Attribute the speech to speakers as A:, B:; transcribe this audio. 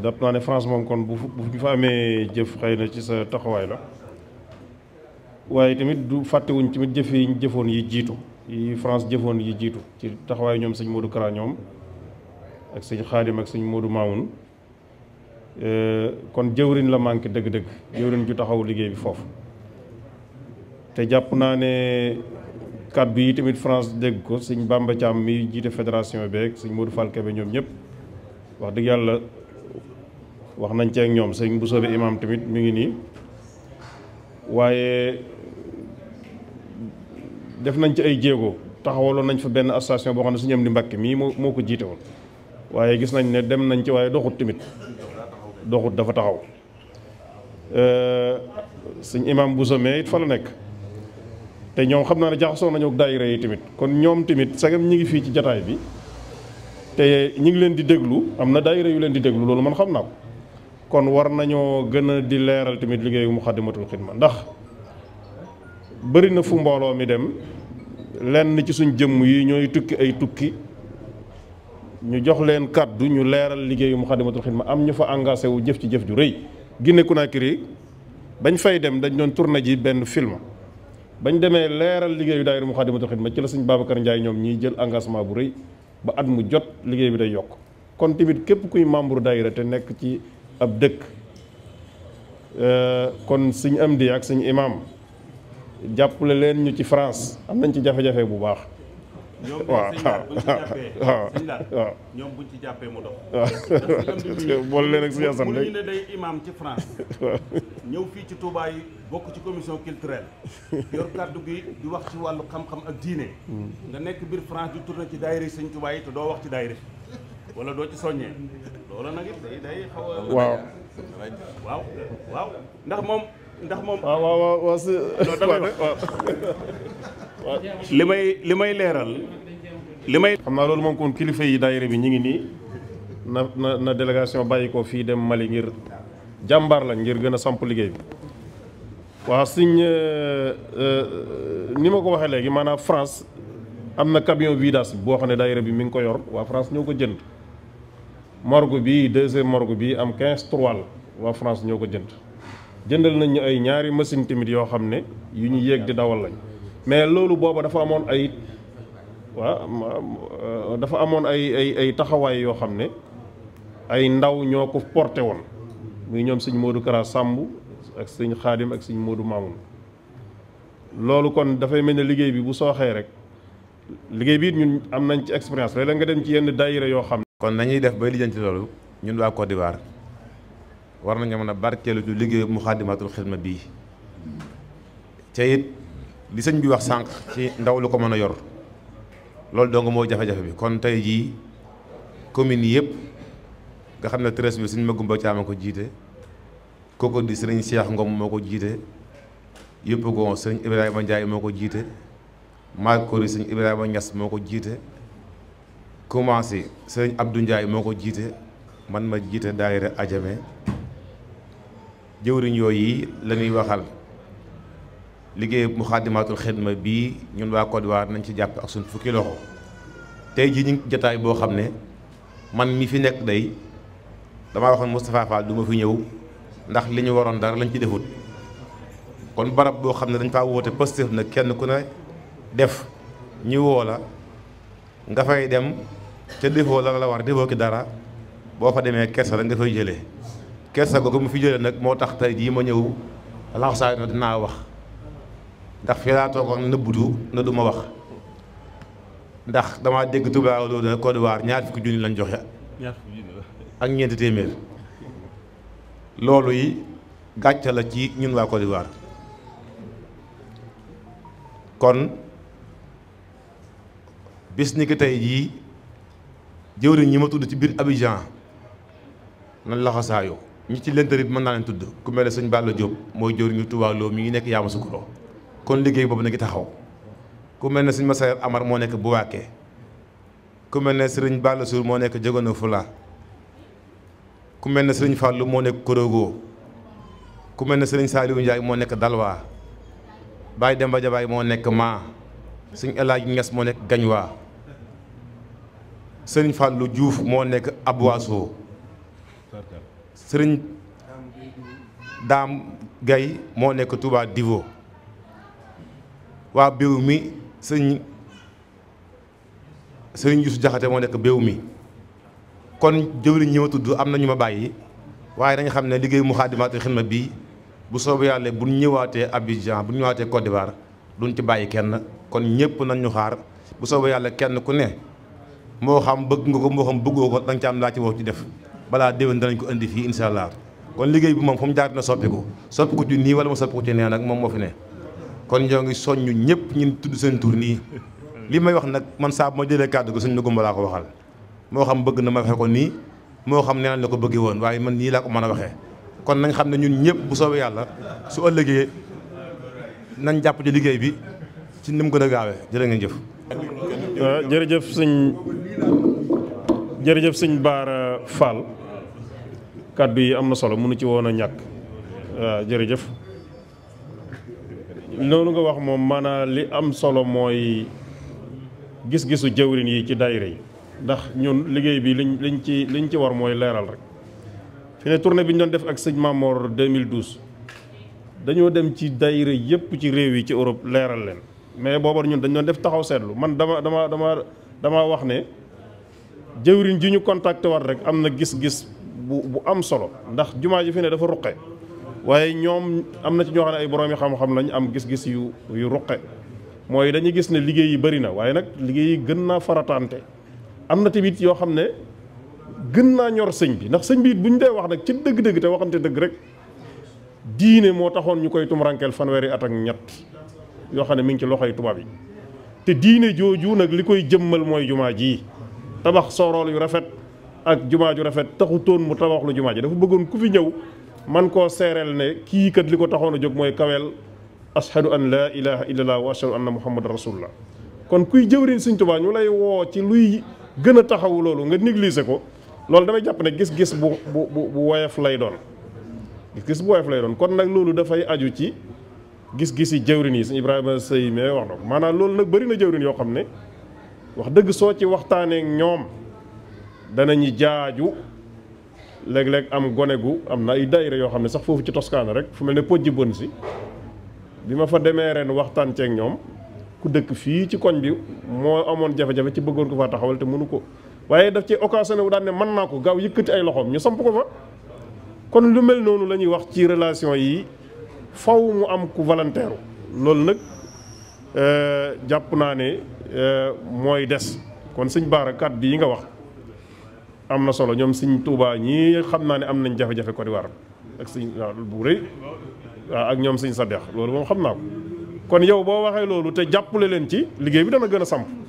A: dap naa ne France moom kon bu bu fa amee jëf xëy na ci sa taxawaay la waaye tamit du fàttewuñ tamit jëf yi jëfoon yi jiitu yi France jëfoon yi jiitu ci taxawaay ñoom sëñ Modou Kara ñoom ak sëñ Xaadim ak sëñ Modou Mamoun kon jëwrin la manqué dëgg-dëgg jëwrin ju taxaw liggéey bi foofu te jàpp naa ne kàddu yi tamit France dégg ko sëñ Bamba Thiam mi jiite fédération beeg sëñ Modou Fall Kébé ñoom ñëpp wax dëgg yàlla wax nañ ci ak ñoom sëñ bu soobee imaam tamit mi ngi nii waaye def nañ ci ay jéego taxawaloon nañ fa benn association boo xam ne suñu am di mbàkk mii moo moo ko jiite waaye gis nañ ne dem nañ ci waaye doxut tamit doxut dafa taxaw euh, suñ imaam bu soobee it fa la nekk te ñoom xam naa ne jaxasoo nañu ak daayira yi tamit kon ñoom tamit sagam ñi ngi fii ci jataay bi te ñi ngi leen di déglu am na daayira yu leen di déglu loolu man xam naa ko kon war nañoo gën a di leeral tamit liggéeyu Muxaddamatul Xidma ndax bëri na fu mbooloo mi dem lenn ci suñ jëmm yi ñooy tukki ay tukki ñu jox leen kàddu ñu leeral liggéeyu Muxaddamatul Xidma am ñu fa engagé wu jëf ci jëf ju rëy Guinée Conakry bañ fay dem dañu doon tourné ji benn film bañ demee leeral liggéeyu daayira Muxaddamatul Xidma ci la suñ Babacar Ndiaye ñoom ñiy jël engagement bu rëy ba at mu jot liggéey bi day yokk kon tamit képp kuy membre daayira nekk ci ab dëkk euh, kon suñ am di ak suñ imam jàppale leen ñu ci France am nañ ci jafe-jafe bu baax. waaw waaw waaw ñoom buñ ci jàppee mu dox. waaw boole leen ak suñu asan rek ci France. ñëw fii ci Touba yi bokk ci commission culturelle yor kàddu gi di wax ci wàllu xam-xam ak diine. Mm. nga nekk biir France di tourné ci daayira Sëñ Touba yi te doo wax ci daayira wala doo ci soññee. waaw ndax moom ndax moom li may li may leeral li may xam naa loolu moom kon kilifa yi daayira bi ñu ngi nii na na na délégation bàyyi ko fii dem Mali ngir jàmbaar la ngir gën a samp liggéey bi waaw siñ euh, euh, ni ma ko waxee léegi maanaam France am na camion vidange boo xam ne daayira bi mu ngi ko yor waa France ñoo ko jënd morgue bi deuxième morgue bi am quinze tourwal waa France ñoo ko jënd jëndal nañ ay ñaari machine tamit yoo xam ne yu ñu yéeg di dawal lañ mais loolu booba dafa amoon ay waaw euh, dafa amoon ay ay ay taxawaay yoo xam ne ay ndaw ñoo ko porté woon muy ñoom sëñ Modou Kara Samb ak sëñ Xaadim ak sëñ Modou Mamoun loolu kon dafay mel ne liggéey bi bu sooxee rek liggéey bi it ñun
B: am nañ ci expérience léeg-léeg nga dem ci yenn daayira yoo xam kon nañuy def bay lijjanti loolu ñun waa Côte d'Ivoire war nañu mën a barkeelu ci liggéeyu Muxaddamatul Xidma bii te it li sëñ bi wax sànq ci ndaw lu ko mën a yor loolu dong moo jafe-jafe bi kon tey jii communes yëpp nga xam ne treize bi sëñ Magumba Caam ko jiite kooku di sëriñ Seex Ngom moo ko jiite yëpp ko sëriñ Ibrahima njaay moo ko jiite Malick Kori sëriñ Ibrahima Ñas moo ko jiite commencé sëriñ Abdou njaay moo ko jiite man ma jiite daayira ajame jëwriñ yooyu la ñuy waxal liggéey Muxaddamatul ma bii ñun waa Côte nañ ci jàpp ak suñ fukki loxo tey jii ñu jataay boo xam ne man mi fi nekk dey dama waxoon Moustapha Fall du ma fi ñëw ndax li ñu waroon dara lañ ci defut kon barab boo xam ne dañ faa woote positif na kenn ku ne def ñu woo la nga fay dem te defoo la la war defoo ki dara boo fa demee kersa la nga fay jëlee kersa ko mu fi jëlee nag moo tax tey jii ma ñëw laxasaay na dinaa wax ndax fii laa toogoon nëbbutu na du wax ndax dama dégg tubaab loolu nag Côte d'Ivoire ñaar fukki junni lañ joxe ak ñeenti téeméer loolu yi gàcce la ci ñun waa Côte kon bis ni ki tey jii jëwriñ ñi ma tudd ci biir Abidjan nan laxasaayoo ñi ci lentari bi mën naa leen tudd ku mel ne sëñ Balla Diop mooy jëwriñu Touba Lo mi ngi nekk Yamoussoukro kon liggéey boobu na ngi taxaw ku mel ne sëñ Massayer Amar moo nekk bu Bouaké ku mel ne sëriñ Balla suur moo nekk Diogono Fula ku mel ne sëriñ Fallou moo nekk Korogo ku mel ne sëriñ Saliou Ndiaye moo nekk Dalwa Baye Demba baay moo nekk Maa sëñ El Hadj Niass moo nekk Gañwaa sëriñ lu juuf moo nekk Abwaso sëriñ Daam Gay moo nekk Touba Divo waa béew mi sëriñ sëriñ Youssou Jaxate moo nekk béew mi kon jëwriñ ñi ma tudd am na ñu ma bàyyi waaye dañu xam ne liggéey Moukhaddamatoul Khidma bii bu soobee yàlla bu ñëwaatee Abidjan bu ñëwaatee Côte d'Ivoire duñ ci bàyyi kenn kon ñëpp nañ ñu xaar bu soobee yàlla kenn ku ne. moo xam bëgg nga ko moo xam bëggoo ko danga ci am laa ci wow ci def balaa déwén danañ ko indi fii incha kon liggéey bi moom fu mu jaar na soppi ko soppi ko ci nii wala mu moom moo fi ne kon ñoo ñëpp ñun tudd seen tur nii li may wax nag man saa ma jëlee kàddu ko suñ na gumba laa ko waxal moo xam bëgg na ma waxe nii moo xam neenañ la ko bëggee woon waaye man nii laa ko mën a waxee kon nañ xam ne ñun ñëpp bu soobee yàlla su ëllëgee nañ jàpp ci liggéey bi ci ni mu gën a gaawee jërë ngeen jëf jërëjëf sëñ Baara Fall
A: kàddu yi am na solo mënu ci woon a ñàkk waaw jërëjëf loolu nga wax moom maanaam li am solo mooy gis-gisu jëwrin yi ci daayira yi ndax ñun liggéey bi liñ liñ ci liñ ci war mooy leeral rek fi ne tournée bi ñu doon def ak sëñ Mamor 2012 dañoo dem ci daayira yëpp ci réew yi ci Europe leeral leen mais booba ñun dañ doon def taxaw seetlu man dama dama dama dama wax ne jëwriñ ji ñu contacté war rek am na gis-gis bu bu am solo ndax jumaa ji fi ne dafa ruqe waaye ñoom am na ci ñoo xam ne ay boroomi xam-xam lañu am gis-gis yu yu ruqe mooy dañuy gis ne liggéey yi bari na waaye nag liggéey yi gën naa farataante am na tamit yoo xam ne gën naa ñor sëñ bi ndax sëñ bi bu ñu dee wax nag ci dëgg-dëgg te waxante dëgg rek diine moo taxoon ñu koy tumurankeel fanweeri at ak ñett yoo xam ne mi ngi ci loxoy tubaab yi te diine jooju nag li koy jëmmal mooy jumaa ji tabax soorool yu rafet ak jumaa ju rafet taxu toon mu tabax lu jumaa ji dafa bëggoon ku fi ñëw man koo seereel ne kii kat li ko taxoon a jóg mooy kaweel ashhadu an laa ilaha illallah wa ashhadu anna muhammadan la kon kuy jëwriñ Sëñ tubaa ñu lay woo ci luy gën a taxawu loolu nga négliger ko loolu damay jàpp ne gis-gis bu bu bu woyof lay doon gis-gis bu woyof lay doon kon nag loolu dafay aju ci gis-gisi jëwriñ yi Sëñ Ibrahima Sëy mee wax na ko maanaam loolu nag bëri na jëwriñ yoo xam ne wax dëgg soo ci waxtaaneek ñoom danañu jaaju léeg-léeg am gone gu am na ay daayira yoo xam ne sax foofu ci Toscana rek fu mel ne pojji bon si bi ma fa demee ren waxtaan ceeg ñoom ku dëkk fii ci koñ bi moo amoon jafe-jafe ci bëggoon ko faa taxawal te mënu ko waaye daf ci occasionné wu daan ne man naa ko gaaw yëkkati ay loxoom ñu samp ko fa kon lu mel noonu la ñuy wax ci relation yi faw mu am ku volontaire loolu nag euh, jàpp naa ne Eh, mooy des kon sëñ baara kat bi yi nga wax am na solo ñoom sëñ Touba ñii xam naa ni am nañ jafe-jafe Côte ak sëñ bu rëy waaw ak ñoom sëñ Sadex loolu moom xam naa ko kon yow boo waxee loolu te jàppale leen ci liggéey bi dana gën a samp